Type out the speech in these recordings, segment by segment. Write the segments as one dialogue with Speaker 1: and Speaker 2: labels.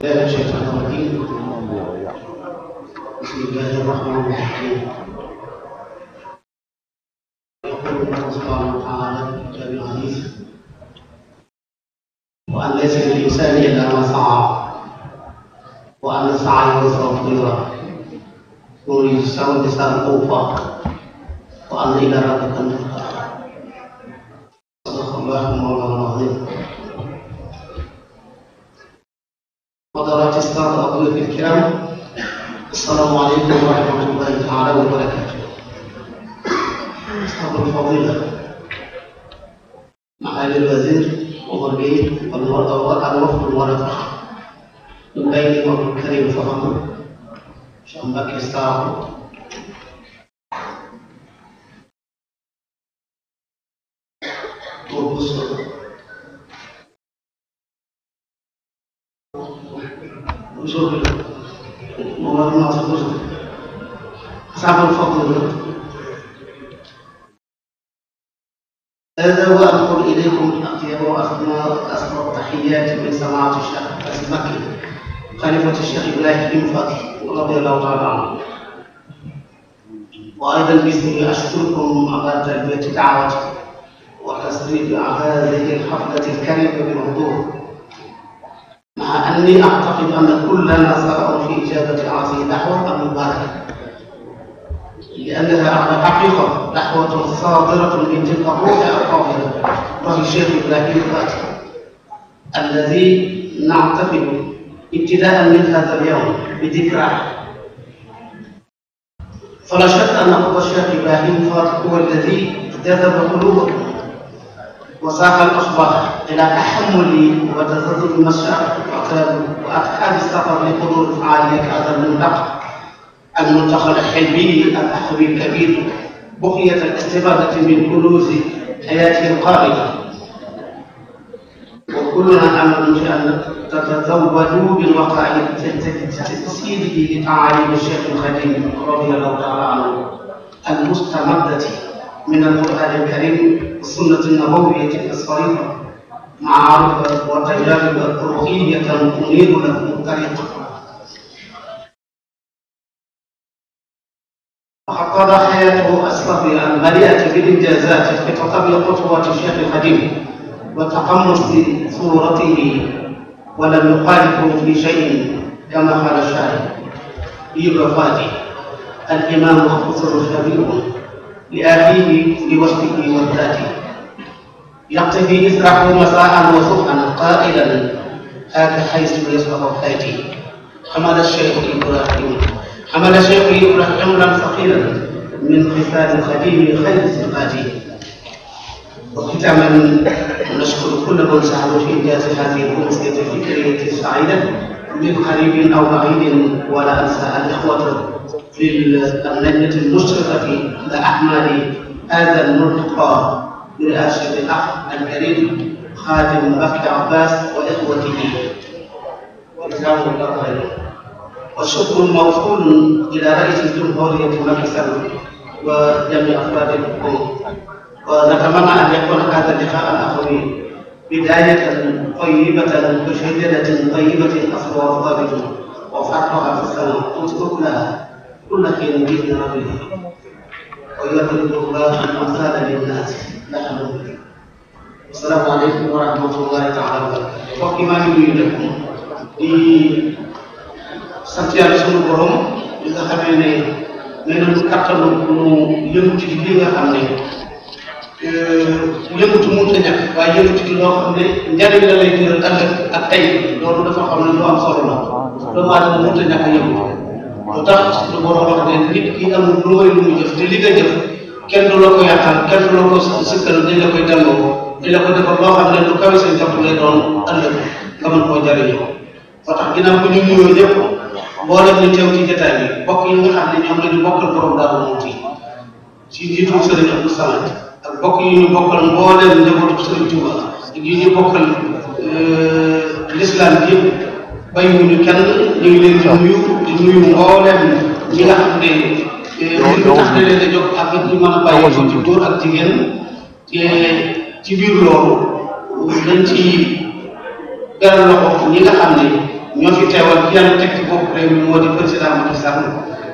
Speaker 1: الله الشيطان الرجيم بسم الله الرحمن الرحيم يقول الله سبحانه وتعالى في العزيز وأن ليس للإنسان إلا ما سعى وأن سعيه سوف يرى ويجزى جزاء أوفى وأن إلى ربك المنتهى صدق الله مولانا العظيم حضرات السادة في الكرام السلام عليكم ورحمة الله تعالى وبركاته أصحاب الفضيلة معالي الوزير وضربي الوفد والمرضى من بين الكريم فهمه شامبك الساعة هذا هو إليكم أطيب وأخمر التحيات من سماعة الشيخ أبي بكر خليفة الشيخ إبراهيم فتحي رضي الله تعالى عنه وأيضا باسمي أشكركم على تلبية دعوتي وتسريب هذه الحفلة الكريمة بموضوع مع أني أعتقد أن كلنا سرع في إجابة هذه الدعوة لأنها الحقيقة نحوة صادرة من تلك الروح القاهرة رأي الشيخ إبراهيم الذي نعتقد ابتداء من هذا اليوم بذكرى فلا شك أن قضى الشيخ إبراهيم فاطمة هو الذي جذب قلوبكم وساق الأخبار إلى تحمل وتزدد المشاعر وأتحاد السفر لحضور عالية هذا المنطقة المنتخب الحلمي الأخوي الكبير بقية الاستفادة من كنوز حياته القائمة وكلنا نعلم أن تتزودوا من وقائع لتعاليم الشيخ الخليل رضي الله تعالى عنه المستمدة من القرآن الكريم والسنة النبوية الصريحة مع وتجارب روحيه تنير له الطريق وحقق حياته أن مليئة بالإنجازات في تقبل خطوة الشيخ القديم وتقمص صورته ولم يخالفه في شيء كما قال الشاعر في وفاته الإمام حسن شبيب لأخيه لوحده وذاته يقتفي إسره مساء وصبحا قائلا هذا حيث يصبح حياتي حمد الشيخ إبراهيم حمل شيخي حملا ثقيلا من خصال خديم خير سقاته وختاما نشكر كل من ساهم في انجاز هذه الامسيه الفكريه السعيده من قريب او بعيد ولا انسى الاخوه في اللجنه المشرفه لاعمال هذا الملتقى برئاسه الاخ الكريم خادم بكر عباس واخوته جزاهم الله خيرا وشكر موصول إلى رئيس الجمهورية مجلسا وجميع أفراد الحكومة ونتمنى أن يكون هذا اللقاء الأخوي بداية طيبة بشهيرة طيبة أصل وفضل وفرحها في السماء لها كل خير بإذن ربنا ويضرب الله الأمثال للناس نحن السلام عليكم ورحمة الله تعالى وبركاته وقما يريدكم sant yàlla sunu borom li nga xamee ne nee nañu kattanu nu yëngatu ci li nga xam ne euh, yëngatu mënut a ñàkk waaye yëngatu ci loo xam ne njariñ la lay gënal ëllëg ak tey loolu dafa xam ne lu am solo la doomu aadama mënut a ñàkk a yëngu lu tax sunu borom wax ne nit ki amul lu may lu mu jëf te li nga jëf kenn du la ko yàqal kenn du la ko sikkal dañ la koy delloo dañ la ko defal loo xam ne lu kawe seen jot lay doon ëllëg nga mën koo jariñoo moo tax ginnaaw bi ñu nuyoo ñëpp mbolam ni teew ci jotaay bi bokk yi nga xam ne ñoom la bokkal borom daal mu ci ci jiitu sëriñ Abdou Samad ak bokk yi ñu bokkal mbolam mboolem njabootu sëriñ Touba ak yi ñu bokkal euh l'islam bi bayu ñu kenn ñu ngi leen ci nuyu di nuyu mboolem ñi nga xam euh ñu tax na leen a ak ñu mëna a ci góor ak jigéen te ci biir loolu dañ ci beral loxo ñi nga xam ñoo fi teewal ki daan teg ci bopp réew mi moo di président Macky Sall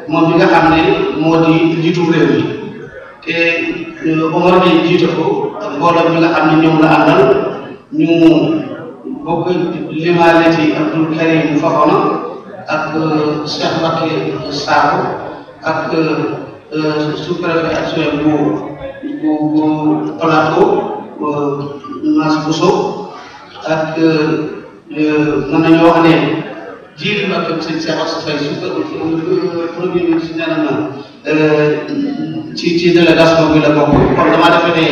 Speaker 1: moom nga xam ne moo di jiitu réew te euh, Omar Gueye jiite ko mbooloo nga xam ne ñoom la àndal ñu bokk limaale ci Abdoul Karim Fofana ak euh, Cheikh Mbacké Sakho ak euh, sous-préfet adjoint bu bu bu Plateau ak. Euh, mën nañoo wax ne jiw ak ak sëñ Cheikh Ousseyn Faye su ko premier ministre nee na ma ci ci délégation bi la bokk kon damaa defe ne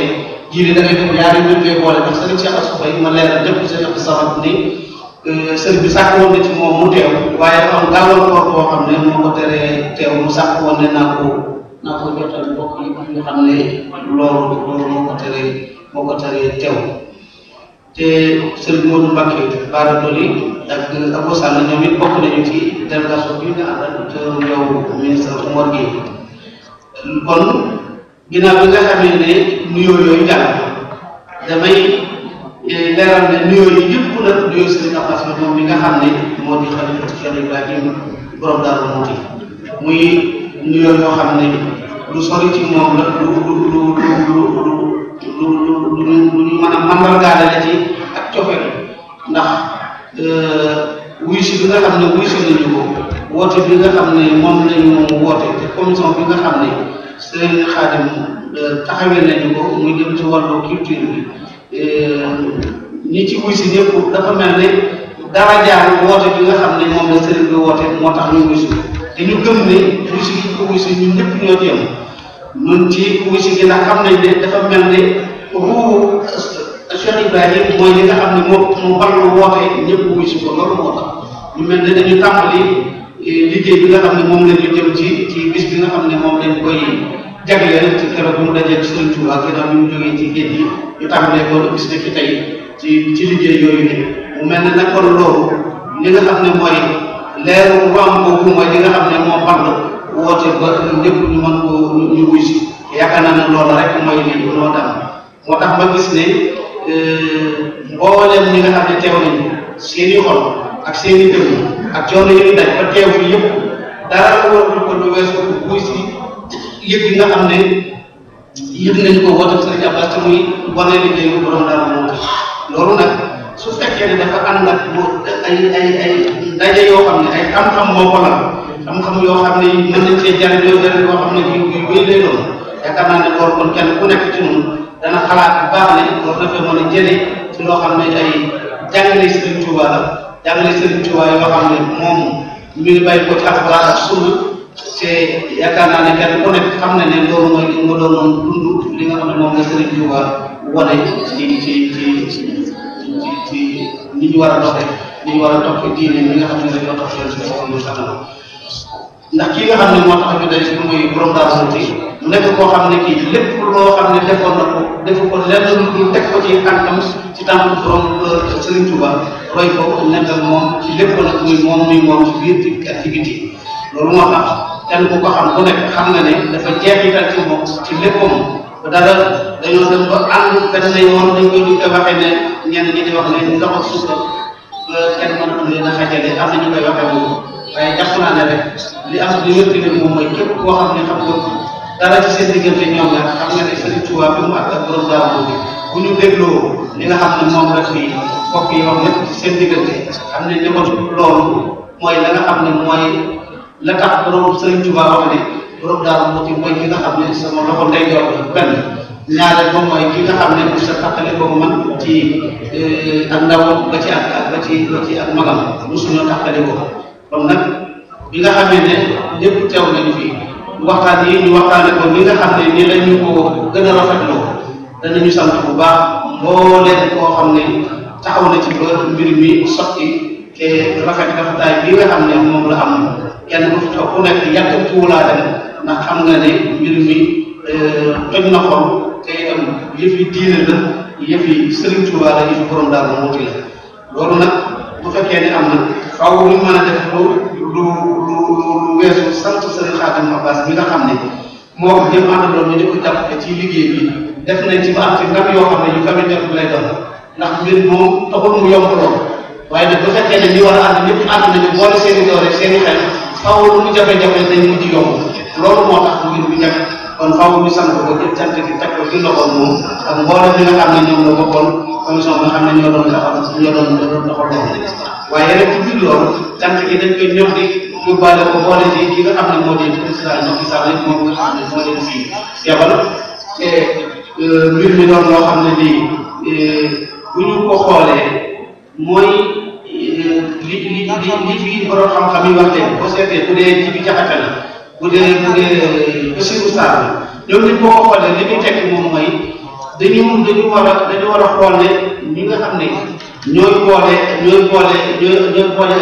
Speaker 1: jiw yi da ngay def ñaari mbir koy boole ndax sëñ Cheikh Ousseyn Faye ma leeral lépp sëñ Abdou Samad ni euh, sëñ bi sàkk woon na ci moom mu teew waaye am gàllankoor boo xam ne moo ko teree teew mu sàkk woon ne naa ko naa ko jotal mbokk yi xam ne loolu loolu moo ko teree moo ko teree teew. te Serigne Modou Mbacké Bara Dolly ak Abou Sall ñoom it bokk nañu ci délégation bi nga àndal te yow ministre Omar Gueye kon ginnaaw ne nuyoo yooyu jàll damay eh, leeral ne nuyoo yi yëpp nag nuyoo moom mi xam ne moo di xalifa Cheikh Ibrahim borom Daaru Muxti muy nuyoo yoo xam ne lu sori ci moom la lu lu lu lu. lu lu lu ñu mën a mandargaale la ci ak cofeel ndax euh, wuy bi nga xam ne wuy si nañu ko woote bi nga xam ne moom lañu moom woote te commission bi nga xam ne seen xaadim euh, taxawee nañu ko muy jëm ci wàllu culture bi euh, ñi ci wuy si dafa mel ne dara jaar woote bi nga xam ne moom la sëriñ bi woote moo tax ñu wuy te ñu gëm ne wuy si ko wuy si ñun ñëpp ñoo ci ñun ci musique yi ndax xam nañ ne dafa mel ni ruuhu Cheikh Ibrahim mooy xam ne moo mu ballu ñëpp wuy si ko loolu moo tax ñu mel ne dañu tàmbali eh, liggéey bi xam ne moom la ñu jëm ci ci bis bi xam ne moom lañ koy jagleel ci keroog bu mu dajeel ci Sëriñ Tuubaa ginnaaw ñu mu jógee ci géej gi ñu tàmbalee ko bis ki tey ci liggéey yooyu ni mu mel ne nag kon loolu li nga xam ne mooy leeru romb boobu mooy li nga xam ne moom ballu woote ba ñëpp ñu mën ko ñu wuy si yaakaar naa ne loolu rek mooy li ñu noo dam moo tax ma gis ne euh, mbooleem ñi nga xam ne teew nañu seen xol ak seen i nga xam ne yëg nañu ko woote Sëriñ Abbas te muy wane liggéeyu borom daal moo tax loolu nag su fekkee ne dafa ànd ak ay ay ay ndaje yoo xam ne ay xam-xam moo ko xam-xam yoo xam ne mën nañ cee jariñoo jariñ koo xam ne bii bii bii lay doon yaakaar naa ne loolu ku nekk ci dana xalaat baax ne war na fee mën a jëlee ci loo xam ne ay jàngale Sëriñ Tuubaa la jàngale Sëriñ Tuubaa yoo xam ne moom mi ngi bàyyi ko ci Alxuraan ak sunna te yaakaar naa ne kenn ku nekk xam na ne loolu mooy li nga doon dund li nga xam ne moom la Sëriñ Tuubaa wane ci ci ci ci ci ni ñu war a doxee ni ñu war a toppee diine mi xam ne dañoo ndax ki nga xam ne moo tax ñu dañ si muy borom daal suuti nekk koo xam ne kii lépp loo xam ne defoon na ko def ko lenn lu ñu teg ko ci antam ci tànk borom euh, Serigne Touba roy ko nekk ak moom ci lépp nag muy moom muy moom ci biir ci activité loolu moo tax kenn ku ko xam ku nekk xam nga ne dafa jeexital ci moom ci léppam ba dara dañoo dem ba ànd benn yoon dañ ko ñu waxe ne ñenn ñi di wax ne ndox ak suuf euh, kenn mënatul a xajale am na ñu koy waxe moom waaye jàpp naa ne rek li am li wér gu moom mooy képp koo xam ne xam nga dara ci seen diggante ñoom la xam nga bu ñu dégloo li nga loolu mooy la nga ne mooy la tax borom Sëriñ Tuubaa wax ne mooy ki nga ne mooy ki nga xam ne bu sa taxale ko man ci eh, ak ndaw ba ci ak ba ci ba ci ak kon nag bi nga xamee ne ñëpp teew nañ fii waxtaan yi ñu waxtaane ko li nga xam ne nii la ñu ko gën a rafetloo danañu sant bu baax moo leen koo xam ne taxaw na ci ba mbir mi sotti te rafet rafetaay bi nga xam ne moom la am kenn ku fi xam nga ne mbir mi euh, toj na xol te itam yëf diine la yëf Sëriñ Tuubaa la yëf borom daal moo ci la loolu nag bu fekkee ne am na faaw ñu mën a def lu lu lu lu weesu sant sëriñ Xaadim Abbas mi nga xam ne moo ko jëm àndaloon ñu di ko jàppale ci liggéey bi def nañ ci ba am ci ndam yoo xam ne yu kami def lay doon ndax mbir moom taxul mu yomb lool waaye nag bu fekkee ne ñi war a ànd ñëpp ànd nañu boole seen i doole seen i xel faaw lu mu jafe-jafe dañ mujj yomb loolu moo tax mbir bi jafe kon faaw ñu sant ko jël cant gi teg ko ci loxoom moom ak mboolem bi nga xam ne ñoom ñoo bokkoon commission bi nga xam ne ñoo doon taxaw ñoo doon doon doxal waaye rek ci biir loolu cant gi dañ koy ñëw di yóbbaale ko boole ci ki nga xam ne moo di président Macky Sall moom nga xam ne moo leen fi yebal te euh, mbir mi doon loo xam ne nii euh, bu ñu ko xoolee mooy euh, li li li li ci borom xam-xam yi wax tey boo seetee bu dee ci bi jaxate la bu dee bu dee Basiru Sarr ñoom ñi boo ko xoolee li ñu tekki moom mooy dañu dañu war a dañu war a xool ne ñi nga xam ne ñooy boole ñooy boole ñooy ñooy boole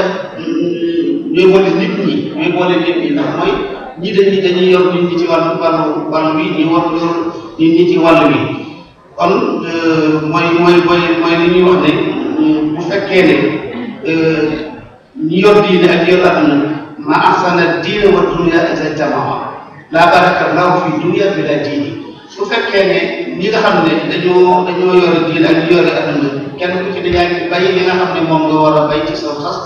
Speaker 1: ñooy nit ñi ñooy boole nit ñi ndax mooy ñi dañuy yor nit ñi ci wàllu wàllu wàllu bi ñu war yor nit ñi ci wàllu bi kon euh, mooy mooy mooy mooy ñuy wax ne bu fekkee ne euh, ñi yor diine ak yor àdduna ما أحسن الدين والدنيا إذا جمعها laa baraka law fi dunya bi la diini su fekkee ne ñi nga xam ne dañoo dañoo yore diin ak ñu yore aduna kenn ku ci ne yaa ngi bàyyi li nga xam ne moom nga war a bay ci saw sas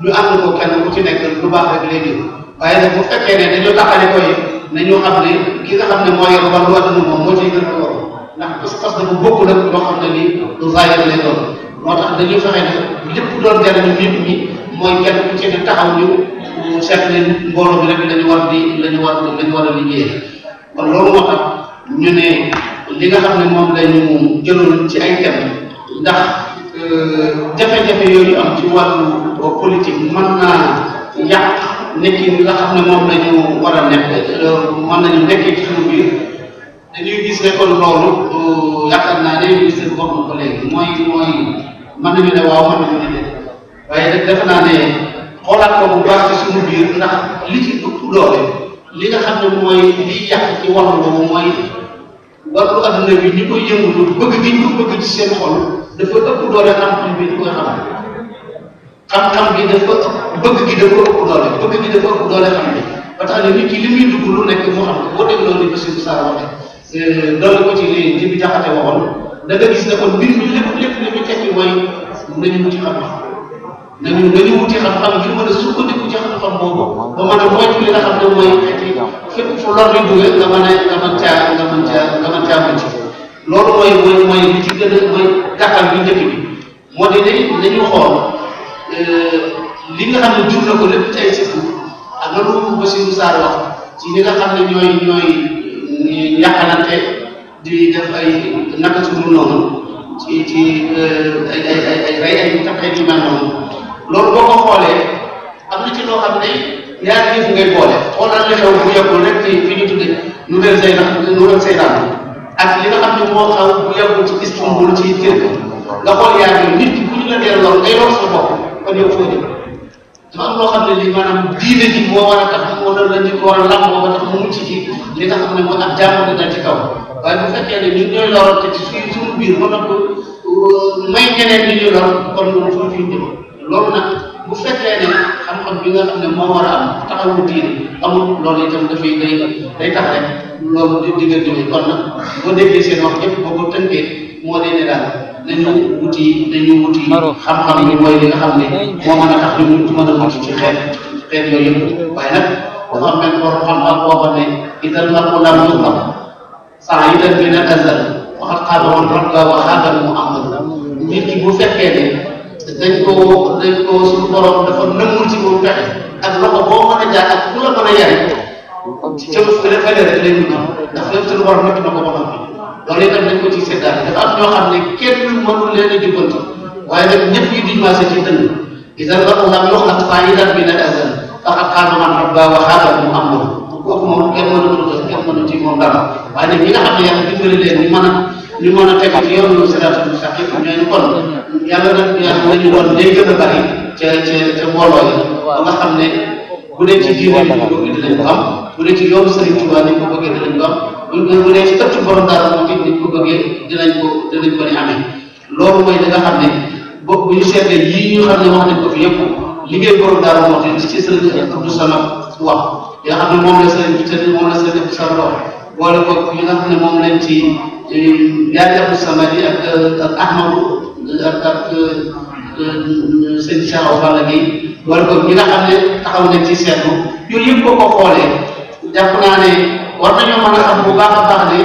Speaker 1: lu am ko kenn ku ci nekk lu baax rek lay déglu waaye nag bu fekkee ne dañoo taxale koy nañu xam ne ki nga xam ne moo yor wàllu aduna moom moo ciy gën a war ndax pas-pas dafa bokk nag loo xam ne nii lu zaayir lay doon moo tax dañuy fexe ne lépp doon jariñu nit ñi mooy kenn ku ci ne taxaw ñu seet ne mbooloo bi rek lañu war di lañu war lañu war a liggéey kon loolu moo tax ñu ne li nga xam ne moom lañu jëloon ci ay thème ndax euh, jafe-jafe yooyu am ci wàllu politique mën naa yàq nekkin nga xam ne moom lañu war a nekk euh, mën nañu nekkee ci suñu biir dañuy gis ne kon loolu euh, yaakaar naa ne ministre bi wax na ko léegi mooy mooy mën nañu ne waaw mën nañu ne waaye nag naa ne xoolaat ko bu baax ci suñu biir ndax li ci ëpp doole li nga xam ne mooy liy yàq ci wàllu boobu mooy wàllu adduna bi ñi koy yëngatu bëgg gi ñu ko seen xol dafa ëpp doole xam-xam bi dafa gi dafa ëpp doole bëgg gi dafa xam bi ne nit ki li muy dugg lu nekk moo xam boo dégg loolu loolu ko ci li ci bi jaxate da nga gis ne kon mbir ci xam nañu nañu wuti xam-xam ngir mën a ba mën a duggee nga mën a nga mën caa nga mën caa loolu mooy mooy mooy li gën a mooy gàttal bi njëkk bi moo di ne xool li nga xam ne jur na ko lépp ci ay sikku ak la lu Basiru Sarr wax ci ñi nga xam ne ñooy ñooy yàqalante di def ay naka su dul noonu ci ci ay ay ay ay ay ay taxaw yu noonu loolu boo ko am na ci loo xam ne yaa ngi fi ngay boole xoolal li ñu tuddee li nga xam ne moo xaw bu yàggul ci Istanbul ci Turquie nga xool yaa ngi nit ku ñu la dee lool ngay lor sa bopp kon yow foo jëm dafa am loo xam ne lii maanaam diine ji moo war a tax moo doon la ñu ko war a làmboo ba tax mu mucc ci li nga xam ne moo tax jàmm dina ci kaw waaye bu fekkee ne ñun ñooy lor te ci suñu biir mën na ko may ñeneen ñi ñu kon loolu foofu ñu jëm loolu nag bu fekkee ne xam-xam bi nga xam moo war taxawu diine amul loolu itam dafay day ci xeet xam mu lam ñu xam sax yi dañ gën a azal dañ koo dañ koo suñu borom dafa nëmmul ci moom pexe ak loxo boo mën a jaar ak ku la mën a yare ca lu fi dafay def lay mujj ndax lépp suñu borom nekk na ko ba noppi loolu itam dañ ko ci seddaat dafa am ñoo xam ne kenn mënul leen a jubbanti waaye nag ñëpp ñu di marché ci dënn isan lako lam yox nag saa yi dat bi nag asan faxat xaamaman rab baa wa xaaral mu am moom kooku moom kenn mënul kenn mënul ci moom dara waaye nag ñi nga xam ne yàlla dimbali leen ñu mën a li mën a teg ak yoonu siraatal mustaqiim ñooy ni kon yàlla na a bari ca ca ca mbooloo yi ba nga xam ne bu dee ci diine ni ñu ko bëgg dinañ ko am bu dee ko bëggee dinañ ko ko bëggee amee loolu mooy li a xam ne bopp bu ñu seetee yii ñu ne wax nañ ko fi yëpp liggéey borom dara moo tax ci sëriñ Abdou Samad wax yoo xam bi moom la sëriñ Abdou Samad wax boole ko ne moom lañ ci jaajëf samedi dia ke Ahmadou ak ke, sëñ Cheikh lagi, walaupun wala ko ñi nga xam ne taxaw nañ ci kok yooyu yëpp boo ko xoolee jàpp naa ne war nañoo mën a xam bu jauh a baax ne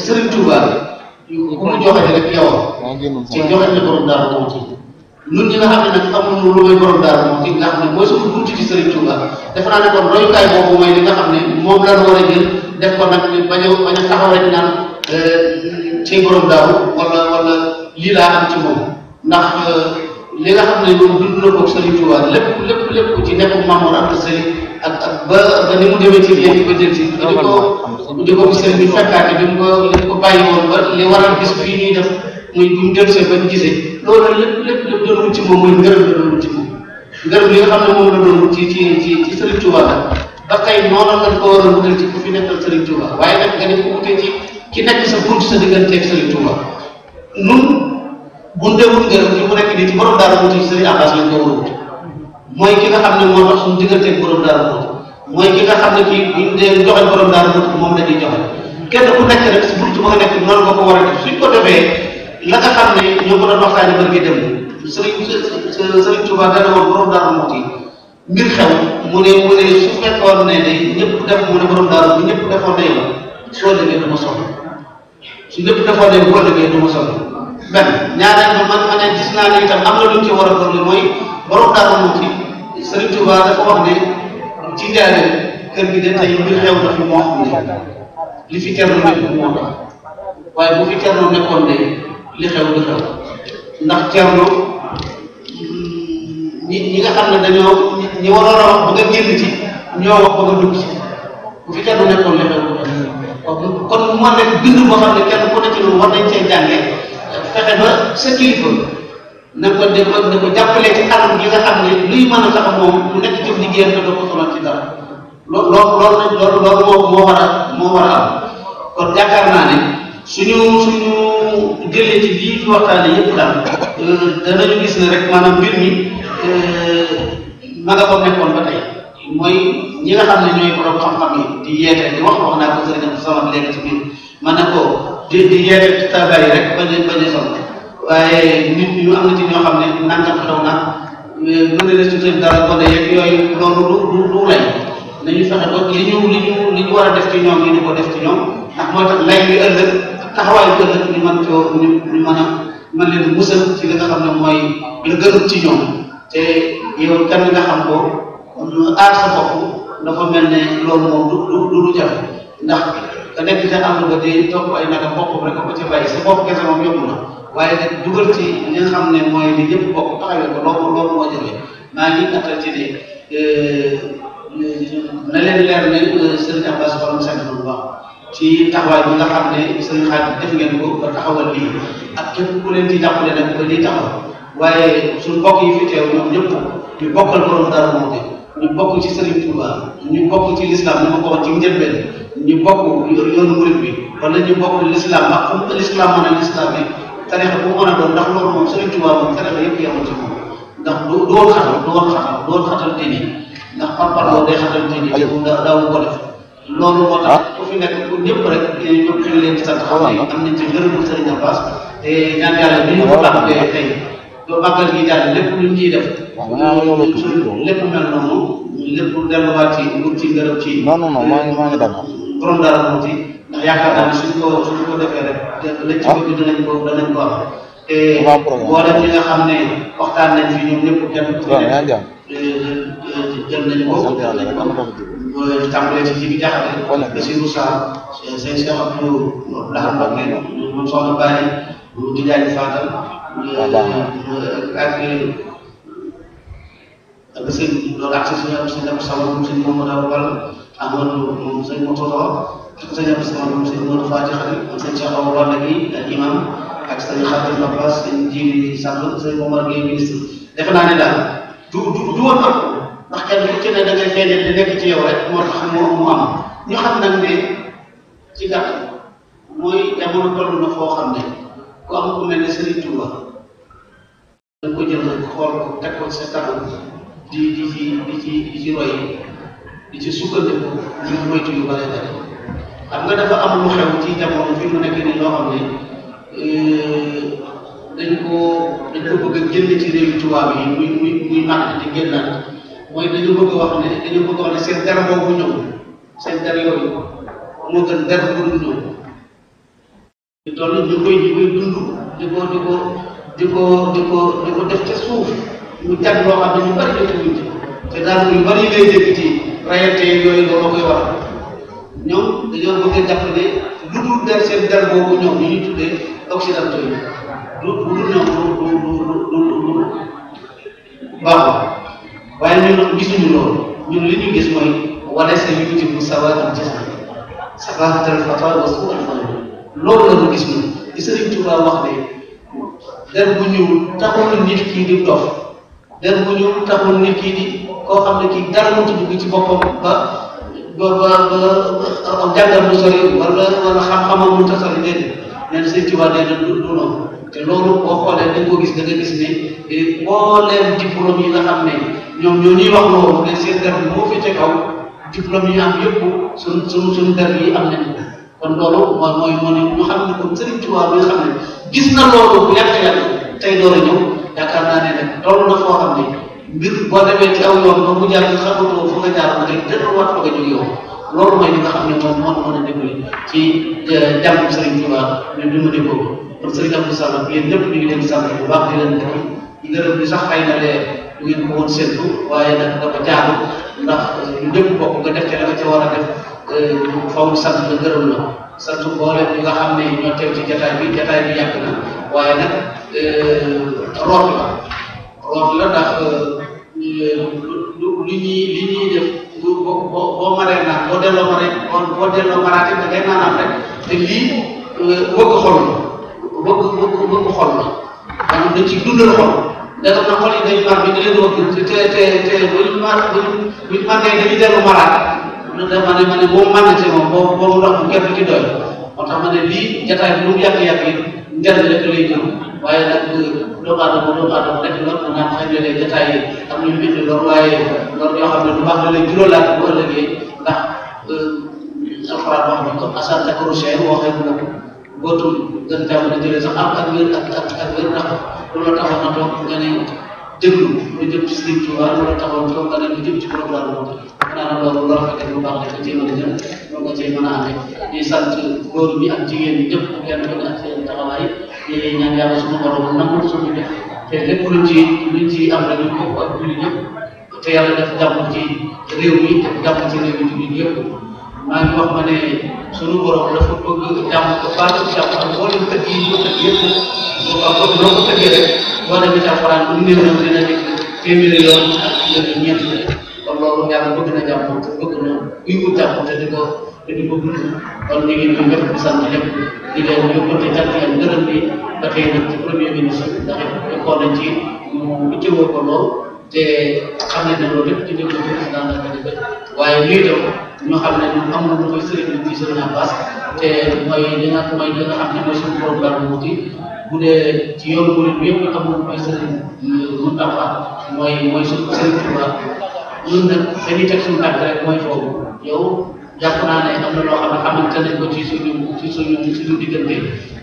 Speaker 1: Serigne Touba ku mu joxe rek yow ci joxe ne borom daal moom ci ñun ñi nga xam ne nag amuñu lu may borom daal moom ci nga xam ne mooy suñu buntu ci Serigne Touba def naa tey borom daaw wala wala lii laa ci moom ndax euh, li nga xam ne moom dund na ko Serigne Touba ci nekkum Maam ba ba mu demee ci léegi ba jël ci mu ko li ko bàyyi woon ba li waral gis fii ñuy def muy bu mu dellusee ba gisee loolu lépp lépp lépp doon wut ci moom mooy ngërëm la ci moom ngërëm li nga xam ne moom la doon wut ci ci ci ci Serigne Touba la ba tey noonu lañ ko war a wutal ci ku fi nekkal Serigne Touba waaye nag ko wutee ci ki nekk sa bunt sa digganteeg Serigne Touba nun buñ dee wut ngërëm fi mu nekk nii ci borom daara wuti ci Serigne Abbas lañ ko war a wut mooy ki nga xam ne moo tax suñu digganteeg borom daara wuti mooy ki nga xam ne kii buñ dee joxe borom daara wuti moom la ñuy joxe kenn ku nekk rek si bunt ba nga nekk noonu nga ko war a def suñ ko defee la nga xam ne ñoo ko doon waxtaane bër gi dem Serigne Serigne Touba dana woon borom daara wuti mbir xew mu ne mu ne su fekkoon ne ne ñëpp def mu ne borom daara bu ñëpp defoon na yow soo demee dama soxla su lépp dafa leen boo liggéey du ma sonn benn ñaareel ba man ma ne gis naa ne itam am na lu ñu ci war a boole mooy borom Daaru Muxti Sëriñ Tuubaa dafa wax ne ci jaareel kër gi de tey lu xew na fi moo xam ne li fi Cerno nekk moo tax waaye bu fi Cerno nekkoon de li xew du xew ndax Cerno mm, ñi ñi nga xam ne dañoo ñi waroon a wax ba nga génn ci ñoo wax ba nga dugg ci bu fi Cerno nekkoon li xew kon moo nekk bind boo xam ne kenn ku ne ci loolu war nañ cee jàngee fexe ba sa kilifa na ko def na ko jàppalee ci anam gi nga xam ne luy mën a tax moom mu nekk ci liggéeyam te doo ko sonal ci dara loolu loolu loolu loolu moo mo war a moo war a am kon yaakaar naa ne suñu suñu jëlee ci lii fi waxtaane yëpp daal danañu gis ne rek maanaam mbir mi eh, ma nga ko nekkoon ba tey mooy ñi nga xam ne ñooy borom xam-xam yi di yeete di wax wax naa ko sëriñ am sama léegi ci biir man na ko di di yeete ci rek bañ a bañ a sonn waaye nit ñu am na ci ñoo xam ne nangam xew na mën li ñu li ñu war a def ci ñoom ñu di ko def ci ñoom ndax moo tax a mën leen musal ci li xam ne mooy la gën ci ñoom te yow kenn nga xam ko. aar sa bopp dafa mel ne loolu moom du du du jafe ndax nga nekk ca àll ba di topp ay naka bopp rek ko ca bàyyi sa bopp kese moom yomb na waaye nag dugal ci li nga xam ne mooy li ñëpp bokk taxawee ko loolu loolu moo jafe maa ngi nattal ci ne na leen leer ne Serigne Abbas borom sant bu baax ci taxawaay bi nga xam ne Serigne Xaadim def ngeen ko ba taxawal lii ak képp ku leen ci jàppale nag ba lii taxaw waaye suñu mbokk yi fi teew ñoom ñëpp ñu bokkal borom dara moo ñu bokk ci Serigne Touba ñu bokk ci l'islam ñu ma ko wax ci njëlbeen ñu bokk yoonu murid bi wala ñu bokk l'islam ndax fu mu l'islam mën a l'islam bi tarixa bu mu mën a doon ndax loolu moom Serigne Touba moom tarixa yëpp yemul ci moom ndax du du woon xatal du woon xatal du woon xatal diine ndax par parloo day xatal diine daawu ko def loolu moo tax ah. ku fi nekk ku ñëpp rek ñu leen di sant xam ah, ne am nañ ci ngërëmu Serigne Abbas te ñaan yàlla bi ñu ko ah, tàmbalee tey ba màggal gi jàll lépp lu ñuy def. waaw loolu lépp noonu. lépp delluwaat ci lu ci ngërëm ci. non non non maa ngi maa ngi d'accord. borom dara mu ci ndax yaakaar naa ne suñ ko suñ ko defee rek. lañ ci bëgg danañ ko danañ ko am. te mboolem ñi nga xam ne waxtaan nañ fi ñoom ñëpp kenn ku ci jël nañ ko. sant yàlla rek am na ko bi jaxale. kon nag Basiirou Sarr. sëñ Cheikh ada satu tapi sih, belum aksesnya mesin bersama mesin memudahkan amun mesin motor aksesnya bersama mesin fajar, mesin syekh orang lagi dan imam aksesnya khatib nafas injil satu saya mau Gay minister sini. naa ne daal du du du woon am ndax kenn ku ci ne da ngay feeñal di nekk ci yow rek moo tax moo mu am ñu xam nag ne ci gàtt mooy ku am ku mel ne Serigne Touba da ko jël nag xool ko teg ko di di ci di ci di ci roy di ci sukkandiku ngir moytu yu mu nekk nii loo ne eh, dañ koo dañ ko bëgg a génn ci réew tubaab yi muy muy muy màgg di génnaat mooy dañu bëgg a wax ne dañu bëgg a wax ne seen der boobu ñëw seen der yooyu bu dul loolu ñu koy ñu koy dund di ko di ko di ko di ko di ko def ca suuf ñu jag loo xam ne ñu bëri la ci te daanaka yu bëri ngay dégg ci rayante yooyu loolu koy wax ñoom dañoo bëgg a jàpp ne lu dul der seen der boobu ñoom ñu ñuy tuddee occidentaux yi lu lu dul ñoom lu lu lu lu baaxul waaye ñun gisuñu loolu ñun li ñu gis mooy wane sa unité bu sawaat al jism sabahatal fata wa suul loolu la ñu gis ñu li sëriñ Touba wax ne der bu ñuul taxul nit kii di dof der bu ñuul taxul nit kii di koo xam ne kii dara mënut dugg ci boppam ba ba ba ba jàngal bu sori wala wala xam-xamam mu tasori déedéet nee na sëriñ Touba nee na du noonu te loolu boo xoolee dañ ko gis da nga gis ne eh, mbooleem diplôme yi nga xam ne ñoom ñoo ñuy wax loolu ne seen der moo fi ca kaw diplôme yi am yëpp suñ suñ suñ der yi am nañ ko kon loolu mooy mooy moo ne ñu xam ne kon Sëriñ Tuubaa bi nga xam ne gis na loolu bu yàgg-yàgg tey door a ñëw yaakaar naa nag loolu na foo xam ne mbir boo demee ci aw yoon ba mu jaar xamatoo fu nga jaar ba ngay delluwaat fa nga jóg yow loolu mooy li nga xam ne moom moo a dimbali ci euh, jàmm Sëriñ Tuubaa ñu dimbali ko kon sax ay na lee du ngeen ko woon séntu waaye nag dafa jaaru ndax euh, ñu ñëpp bokk nga def ca la nga ca war faw sant la gërëm la sant mboolem ñi nga xam ne ñoo teew ci jataay bi jataay bi yàgg na waaye eh, nag root la root la ndax eh, lu ñuy li ñuy def boo maree naa boo delloo maree boo delloo maraate da ngay naanaam rek te lii bëgg xol bëgg bëgg bëgg xol la maanaam dañ ci dundal xol da nga xol yi dañ mar bi di leen wëgg te te te buñ mar buñ buñ mar ngay dañuy dellu maraate nunda mane mane bo mane ci mo bo bo mu rabu kenn ci doy mo tax mané li jotaay lu yag yag yi ngeen rek lay ñëw waye nak do ba do do ba do rek lo na xam ne jotaay yi am ñu bind lor waye lor yo xamne du baax lay juro la bu ëllëgé ndax alquran wax ni ko asal ta ko shay wax na ko botul gën taw na jëlé sax am ak wër ak ak wër na ko lu la taxaw na tok nga ne déglu lu jëm ci Sëriñ Tuubaa wala taxaw toog nga ne lu jëm ci programme boobu xanaa loolu loo xam ne bu baax la ko cee mën a jël ko cee mën a amee di sant góor bi ak jigéen ñi ñëpp kenn ku ne ak seen taxawaay di ñaan yàlla suñu borom nangu suñu def te lépp luñ ci ñu ko ak julli ñëpp te yàlla def jàmm ci réew mi def mi julli yëpp maa ngi wax ma ne sunu borom dafa bëgg jàmm ba baatu jàmm ak mboolem kër yi ñu kër yëpp boo ko bëgg ko tëggee rek boo demee ci alxuraan bu néew na dina nekk téeméeri yoon ak yëpp ñeent la kon loolu yàlla bëgg na jàmm te bëgg na kuy wut jàmm te di ko te di ko bëgg kon ñu ngi ñun ñëpp di sant ñëpp di leen yóbbante cant ak ngërëm bi ba tey nag ci premier ministre ndax ko nañ ci mu ittewoo ko lool te xam ne ne loolu lépp ci déglu président de la République waaye lii dem ñu xam ne ñun am na lu koy sëriñ bi ci sëriñ Abbas te mooy li nga mooy li nga xam ne mooy suñu programme mu ci bu dee ci yoonu murid bi yëpp am na lu koy sëriñ Mountakha mooy mooy suñu sëriñ Tuubaa ñun nag dañuy teg suñu tànk rek mooy foofu yow jàpp naa ne am na loo xam ne xamante nañ ko ci suñu ci suñu suñu diggante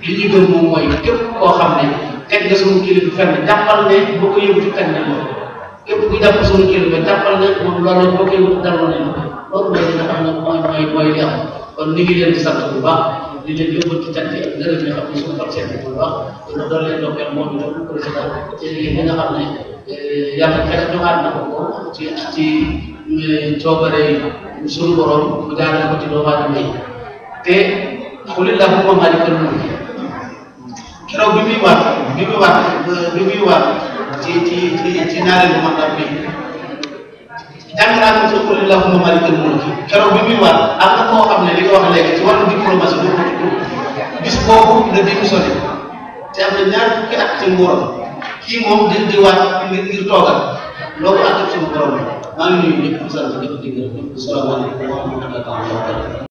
Speaker 1: li ñu gën moom mooy képp koo xam ne teg nga suñu kilifa fenn jàppal ne boo ko yëngu ci teg na loolu képp kuy dàq suñu kilomètre jàppal nga moom loolu boo koy wut dara nañ ko loolu mooy li nga xam ne mooy mooy mooy li am kon ñu ngi leen di sant bu baax di leen yóbbu ci cant ak gërëm yi nga xam ne suñu xol seen bu baax dina doon leen dokkeel moom itam président ci liggéey bi nga xam ne eh, yàlla fekk joxaat na ko ko ci ci eh, coobare suñu borom mu jaarale ko ci doomu aadama yi te xulillahumma maalikal mulk keroog bi muy waat bi muy waat bi muy waat ci ci ci ci ñaareelu mandat bi jàng naa ko soo ko li la ko malikal mulki keroog bi muy war am na koo xam ne li nga wax léegi ci wàllu diplomatie du bis boobu la démissionné te am na ñaar fukki at ci nguuram kii moom di di waat ngir ngir toogal loolu ak suñu borom maa ngi nuyu ñëpp di sant ñëpp di gërëm ñëpp salaamaaleykum wa rahmatulah